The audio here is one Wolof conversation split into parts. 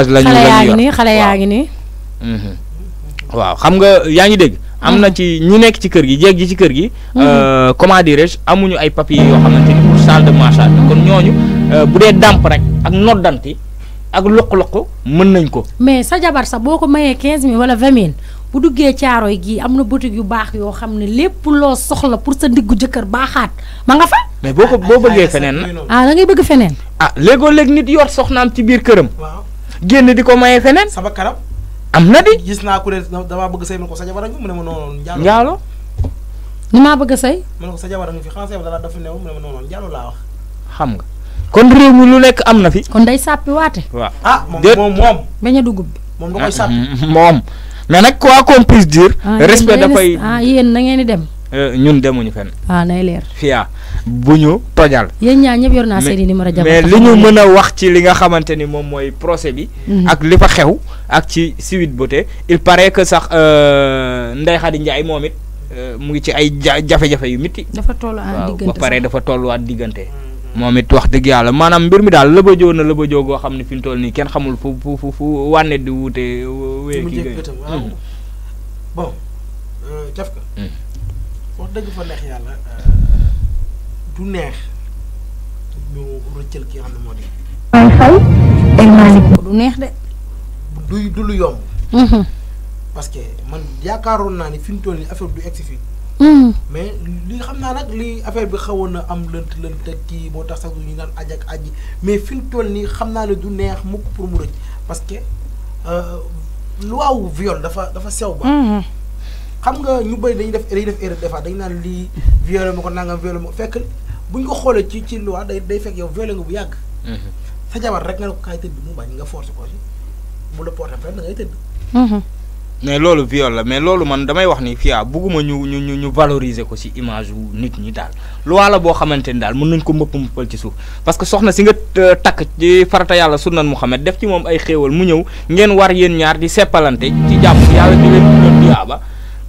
âge la ñu la xale yaa ngi nii mhm. waaw xam nga yaa ngi dégg. am na mhm. ci ñu nekk ci kër gi jéeg ji ci kër gi. Mhm. Euh, comment dirais-je amuñu ay papiers yoo xamante ni pour salle de massage kon ñooñu euh, bu dee dàmp rek ak noddanti ak loq-loq mën nañ ko. mais sa jabar sax boo ko mayee 15000 wala 20000 bu duggee caaroy gii am na boutique yu baax yoo xam ne lépp loo soxla pour sa ndiggu jëkkër baaxaat ma nga fa. mais boo ko boo bëggee feneen. ah da bëgg feneen. ah léegoo génn di ko maye feneen. sama kanam. am na di. gis naa ku ne damaa bëgg say ma ko sa jabar ak mu ne ma noonu noonu. njaalo ni maa bëgg a say. ma sa jabar nga fi xanaa sa jabar dafa ne ma noonu njaalo laa wax. xam nga kon réew mi lu nekk am na fi. kon day sàppi waate. waaw ah moom moom. bañ dugub bi. moom da koy sàppi moom. mais nag quoi qu'on puisse dire. respect dafay ah yéen na ah, ngeen di dem. Euh, ñun demuñu fenn ah nay leer fiya buñu tojal yeen ñaa ñep yor na seeni numéro jabar mais liñu mëna wax ci li nga xamanteni mom moy procès bi mhm. ak li fa xew ak ci suite beauté il paraît que sax euh nday xadi ndjay momit euh, mu ngi ci ay jafé jafé yu miti dafa tollu an digënté ba paré dafa tollu an digënté momit wax deug yalla manam mbir mi dal la ba joona la ba jogo xamni fi toll ni ken xamul fu fu fu wané di wuté wé ki bon euh jafka hmm. wax dëgg fa neex yàlla euh, du neex ñu rëccal ki nga moo di. Baye Faye du neex de. du du lu yomb. Mm-hmm. parce que man yaakaaroon naa ni fi mu toll nii affaire du egg si fii. Mm-hmm. mais li xam naa nag li affaire bi xawoon na am lënt lënt ak kii moo tax sax ñu naan aj ak aji mais fi mu toll nii xam naa ne du neex mukk pour mu rëcc parce que euh, loi wu viol dafa dafa sew ba. Mm-hmm. xam nga ñu bëri dañu def dañuy def erreur des fois dañu naan lii violé ma ko nangam violé ma ko fekk bu ñu ko xoolee ci ci loi day day fekk yow violé bu yàgg. Mhm. sa jabar rek nga ne ko nga force ko ci bu la porté plainte da ngay mhm. mais loolu viol la mais loolu man damay wax ni fia ah, bugguma ñu ñu ñu ñu valoriser ko ci image wu nit ñi daal loi la boo xamante ni daal mun nañ ko mbëpp mbëppal ci suuf parce que soxna si nga euh, takk ci farata yàlla sunnan Muhammad def ci moom ay xéewal mu ñëw ngeen war yéen ñaar di seppalante ci di leen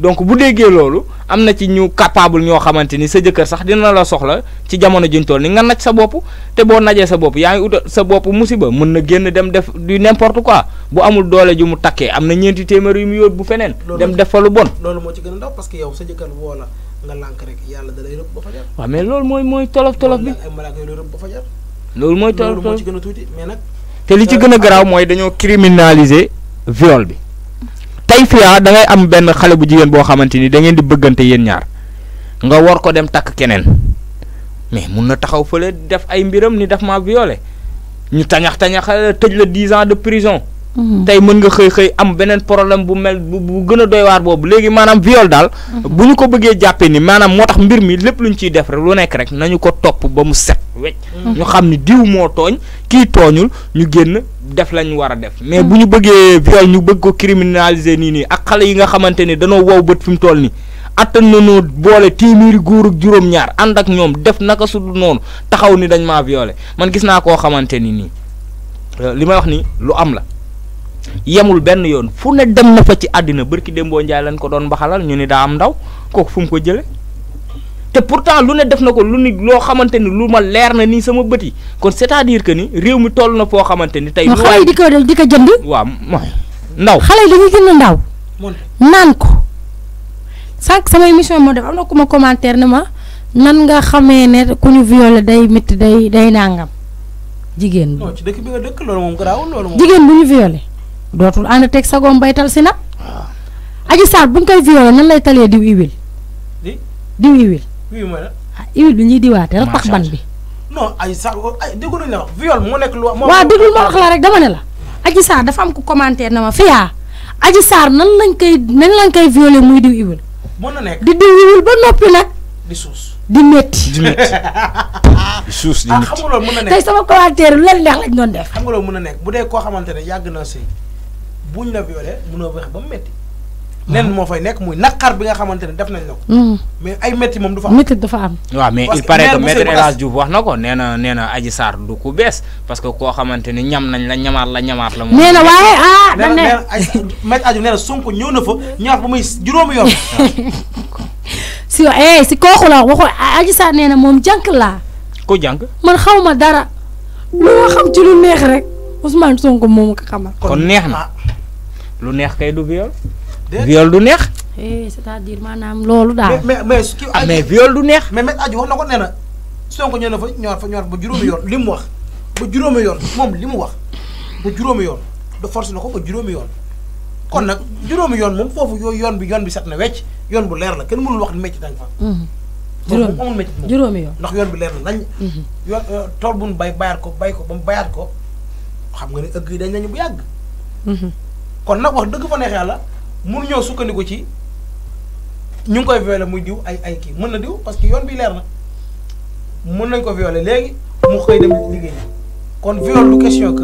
donc bu déggee loolu am na ci ñu capable ñoo xamante ni sa jëkkër sax dina la soxla ci jamono juñ toll ni nga naj sa bopp te boo najee sa bopp yaa ngi uta sa bopp musiba mën na génn dem def du n'importe quoi bu amul doole ju mu takkee am na ñeenti téeméer yu mu yóot bu feneen. dem def fa lu bon. loolu moo ci gën a parce que yow sa jëkkër woo la nga lànk rek yàlla mais loolu mooy mooy tolof tolof bi fa loolu mooy tolof tolof moo gën a tuuti mais nag. te li ci gën a garaaw euh, mooy dañoo criminaliser viole bi. Tarbiya ah da dangay am benn xale bu jigéen boo xamante ni da ngeen di bëggante yéen ñaar nga war ko dem takk keneen mais mun na taxaw fële def ay mbiram ni daf ma violé ñu tañax tañax tëj la dix ans de prison. Mhm. tey mën nga xëy xëy am beneen problème bu mel bu bu gën a doy waar boobu léegi maanaam viol daal. Mhm. bu ñu ko bëggee jàppee ni maanaam moo tax mbir mi lépp lu ñu ciy def rek lu nekk rek nañu ko topp ba mu set wecc mhm. ñu xam ni diw moo tooñ kii tooñul ñu génn def lañu war a def. mais bu ñu bëggee viol ñu bëgg ko criminaliser nii nii ak xale yi nga xamante ni danoo wow bët fi mu toll nii. attan nañoo boole téeméeri góor ak juróom-ñaar ànd ak ñoom def naka su dul noonu taxaw ni dañ maa violé man gis naa koo xamante ni nii li may wax ni lu am la yemul benn yoon fu ne dem na fa ci àddina bërki démboo njaay lañ ko doon mbaxalal ñu ni daa am ndaw kooku fu mu ko jële te pourtant lu ne def na ko lu ni loo xamante ni lu ma leer na nii sama bët yi kon c'est-à-dire que ni réew mi toll na foo xamante ni tey xale yi di ko di ko jënd waaw mooy ndaw xale yi dañuy jënd ndaw naan ko sànq sama émission moo def am na ku ma commentaire ne ma nan nga xamee ne ku ñu violé day métti day day nangam jigéen bi ci dëkk bi nga dëkk loolu moom garaawul loolu moom jigéen dootul ànd teg sagoom baytal si aji sar buñ koy violé nan lay talé diw iwil. di diw iwil. wi mo la iwil bi di waté la tax ban bi. non aji sar degu ñu la viol mo nek lo wa degu mo wax la rek dama ne la. aji sar dafa am ku commenter na ma fiya aji sar nan lañ koy nan lañ koy violé muy diw iwil. mën na nek di diw iwil ba nopi nak di suus di metti di metti suus di métti. ah xam nga loolu mën sama commentaire lu leen neex lañ doon def. xam nga loolu mën na nekk bu dee koo xamante na sëy buñ la violé mënoo wax ba mu métti. lenn moo fay nekk mooy naqar bi nga xamante ne def nañ mm. mais ay métti moom du fa dafa am. waaw mais il paraît que wax na ko nee na nee na Adji ku bees parce que koo xamante ni ñam nañ la ñamaat la ñamaat la. nee na waaye ah. dañ ne Sonko ñëw na fa ñaar ba muy juróomi yoon. si eh si na moom jànk laa. ko jànk man xaw ma dara. lu lu neex rek ko xamal. kon neex na. Ah, lu neex kay du viol. viol du neex. Eh, c'est-à-dire maanaam loolu daal. mais mais su ah, mais viol du neex. mais mais aju wax na ko nee na Sonko ñëw na fa ñëwaat fa ñëwaat ba juróomi yoon li mu wax ba juróomi yoon moom li mu wax ba juróomi yoon de force na ko ba juróomi yoon. kon nag juróomi yoon moom foofu yooyu yoon bi yoon bi set na wecc yoon bu leer la kenn mënul wax ni métti danga fa. Mhm. juróomi amul métti juróomi yoon ndax yoon bi leer na nañ. Mhm. yoon euh, tool bu nu bay bayaat ko bay ko ba mu bayaat ko xam nga ne ëgg yi dañ nañu bu yàgg. Mhm. kon nag wax dëgg fa neex yàlla mun ñoo sukkandiku ci ñu ngi koy violé muy diw ay ay kii mën na diw parce que yoon bi leer na mën nañ ko violé léegi mu xëy dem liggéey kon viol du question que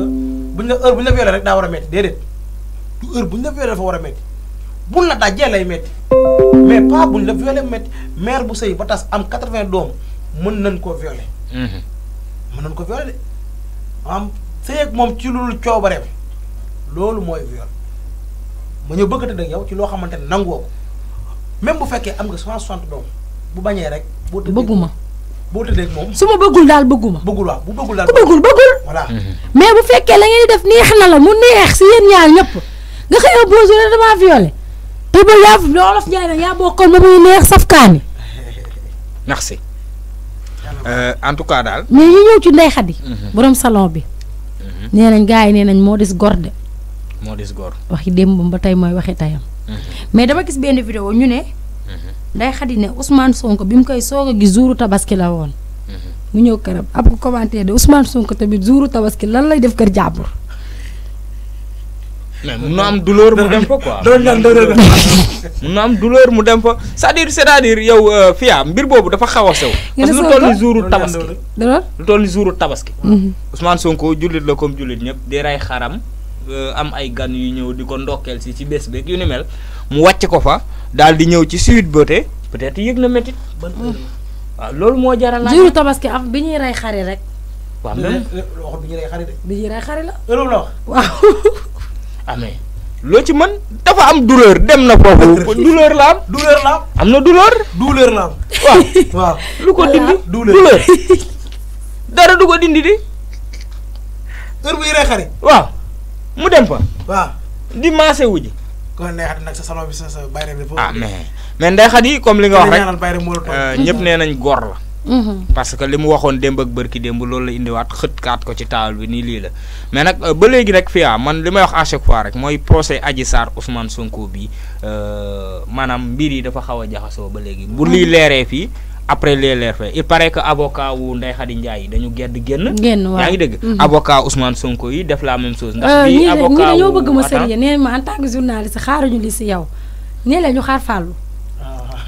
buñ la heure buñ la violé rek daa war a métti déedéet du heure buñ dafa war a métti bu la dajee lay métti mais pas buñ la violé métti mère bu sëy ba tas am quatre-vingts mën nañ koo violé. Mhm. mën nañ ko violé de maanaam sëy moom ci lu coobareem loolu mooy viol. ma ñëw bëggante ak yow ci loo xamante ne nangoo ko même bu fekkee am nga 160 doom bu bañee rek. boo tëddee boo tëddee moom. su ma bëggul daal bëgguma. bëggul bu bëggul daal ku bëggul mm-hmm. mais bu fekkee la ngeen di def neex na la mu neex si yéen ñaar ñëpp nga xëy na boo jouré damaa violé te ba yaa fi euh, en tout cas daal. mais ñu ñëw ci Ndey Xadi. Mm-hmm. bi. Mm-hmm. nee nañ gars yi nee nañ moo des gor moo des góor waxi démbam ba tey mooy waxi tayam mhm. mais dama gis benn vidéo ñu ne mhm. nday xadi ne Ousmane Sonko bi mu koy soog a gis juuru tabaski la woon mhm. mu ñëw këram ab ko commenté de Ousmane Sonko tamit juuru tabaski lan lay def kër jàmbur mais mun na am douleur mu dem fa quoi mun na am douleur mu dem fa c'est-à-dire c'est-à-dire yow euh, fiyaa mbir boobu dafa sew parce que jouru tabaski jouru tabaski Ousmane Sonko la comme di rey xaram Eh, am ay gan yu ñew di kondokel sisi ci bes bek yu ni mel mu wacc ko fa dal di ñew ci suite beauté peut être yëg na métit ban mo jaral na jiru tabaski am bi ray xari rek waaw même eh, eh, loxo bi ñuy ray xari rek bi ray xari la la amé ah, lo ci man dafa am douleur dem na fofu douleur la am douleur la am na douleur douleur la am wa waaw lu ko dindi douleur dara du ko dindi di heure bu ñuy xari wa mu dem fa. waaw di maase wu ji. kon Ndeye sa salon bi sa sa bayre bi. ah mais mais Ndeye yi comme li nga wax rek euh, ñëpp nee nañ gor la. Mhm. parce que li mu waxoon démb ak bërki démb loolu la indiwaat xët kaat ko ci taal bi nii lii la mais nag euh, ba léegi rek fii man li may wax à chaque fois rek mooy procès aji Sarr Ousmane Sonko bi euh, maanaam mbir yi dafa xaw a jaxasoo ba léegi. bu lii leeree fii. après les lèvres, il paraît que avocat ou Ndeye Ndiaye dañu guedd ngi mhm. avocat Ousmane Sonko yi def la même chose. ndax euh, bi avocat wu ñii bëgg ma sérieux ma en tant que journaliste xaaruñu li ci yow Né la ñu xaar Fallu.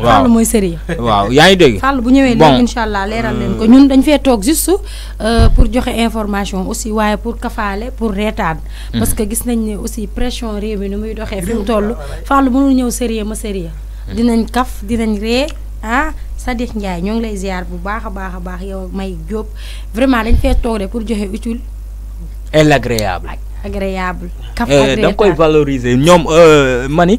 Ah. waaw sérieux. waaw yaa ngi dégg. Fallu bu ñëwee inshallah leral leen ko mm. ñun dañ fee toog juste euh, pour joxe information aussi waaye pour kafaale pour reetaan. Mm. parce que gis nañ ne aussi pression réew mi muy doxee. fi mu toll ñëw sérieux ma sérieux. Mm. dinañ kaf dinañ ree ah Sadikh Ndiaye ñoo ngi lay ziar bu baax a baax a baax yow May Diop vraiment dañ fee toog pour joxe utile. et l'agréable. agréable. Euh, da nga koy valoriser ñoom euh, mani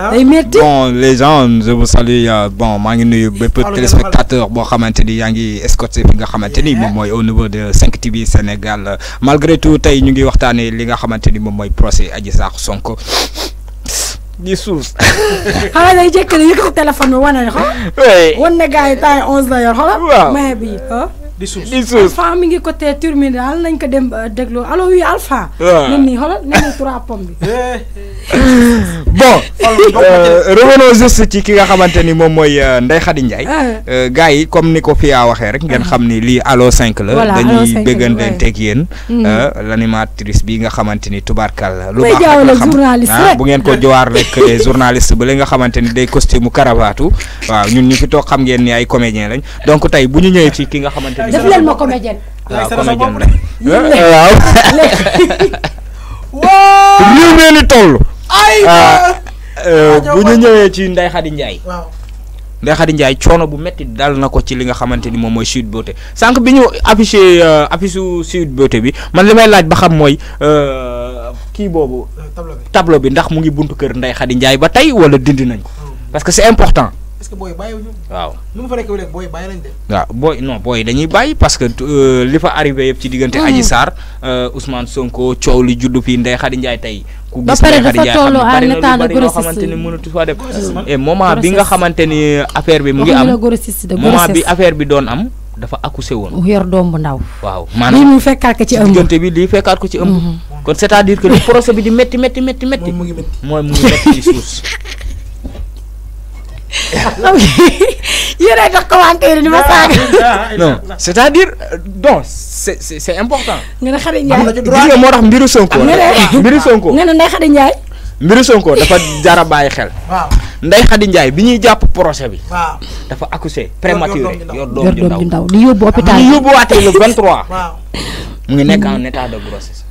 Ah. bon les gens je vous salue euh, bon maa ngi nuyu bépp téléspectateur boo xamante ni yaa fi nga xamante ni moom mooy au niveau de 5TV Sénégal malgré tout tey ñu ngi waxtaanee li nga xamante ni moom procès Adji Sarr Sonko di suus. xanaa day jékki ne yëkkati téléphone bi wane na ko. oui wan na gars 11 na yor xoolal. waaw mais bii ah. di suus alpha mi ngi côté terminal lañ ko dem uh, déglu allo oui alpha ñun ni xolal ñun trois pom bi eh. bon euh, revenons juste ci ki nga xamanteni mom moy euh, ndey khadi ndjay ah. euh, gaay yi comme niko fiya waxé rek ngeen ah. xamni li allo 5 la dañuy dégganté ak yeen l'animatrice bi nga xamanteni tubarkal lu baax la xam ah, bu ngeen ko joar rek les journalistes bu le nga xamanteni day costume caravatu waaw ñun ñu fi tok xam ngeen ni ay comédien lañ donc tay buñu ñëw ci ki nga xamanteni def leen ma comédienne. waaw comédienne waaw. Ah, waaw. réew mi ni toll. Ah, euh, bu ñu ñëwee ci Ndeye Khady Ndiaye. waaw Ndeye coono bu metti dal na ko ci li nga xamante ni moom mooy Sweet Beauté sànq bi ñu affiché euh, affiche Sweet Beauté bi man li may laaj ba xam mooy euh, kii boobu. tableau bi ndax mu ngi buntu kër Ndeye Khady Ndiaye ba tey wala dindi nañ ko. Hmm. parce que c'est important. est que booy bàyyiwuñu waaw booy bàyyi nañ de. waaw booy non booy dañuy bàyyi parce que euh, li fa arrivé yëpp ci diggante. Adji hmm. Sarr euh, Ousmane Sonko coow li juddu fii Ndeye Khady Ndiaye tey. ku gis Ndeye Khady Ndiaye xam ne bari na lu bari loo xamante ni mënatu fa def. bi nga xamante ni euh, affaire bi mu ngi am moment bi affaire bi doon am. dafa accouché woon. yor doom bu ndaw. waaw maanaam lii mu fekkaat ko ci ëmb. diggante bi ko ci ëmb. Mm-hmm. kon cest li procès bi di métti métti métti métti. mu ngi métti mooy mu ngi métti ci suuf yéen a commentaire ni ma saaga. non c' est à dire donc c' est c' est important. nga ne Khady Ndiaye gis nga moo tax mbiru Sonko. mbiru Sonko nga ne Ndeye Khady Ndiaye. mbiru Sonko dafa jar a bàyyi xel. waaw Ndeye Khady Ndiaye bi ñuy jàpp procès bi. waaw dafa accusé prématuré yor doom ju ndaw di yóbbu hôpital di yóbbuwaatee le 23. waaw mu ngi nekk en état de grossesse.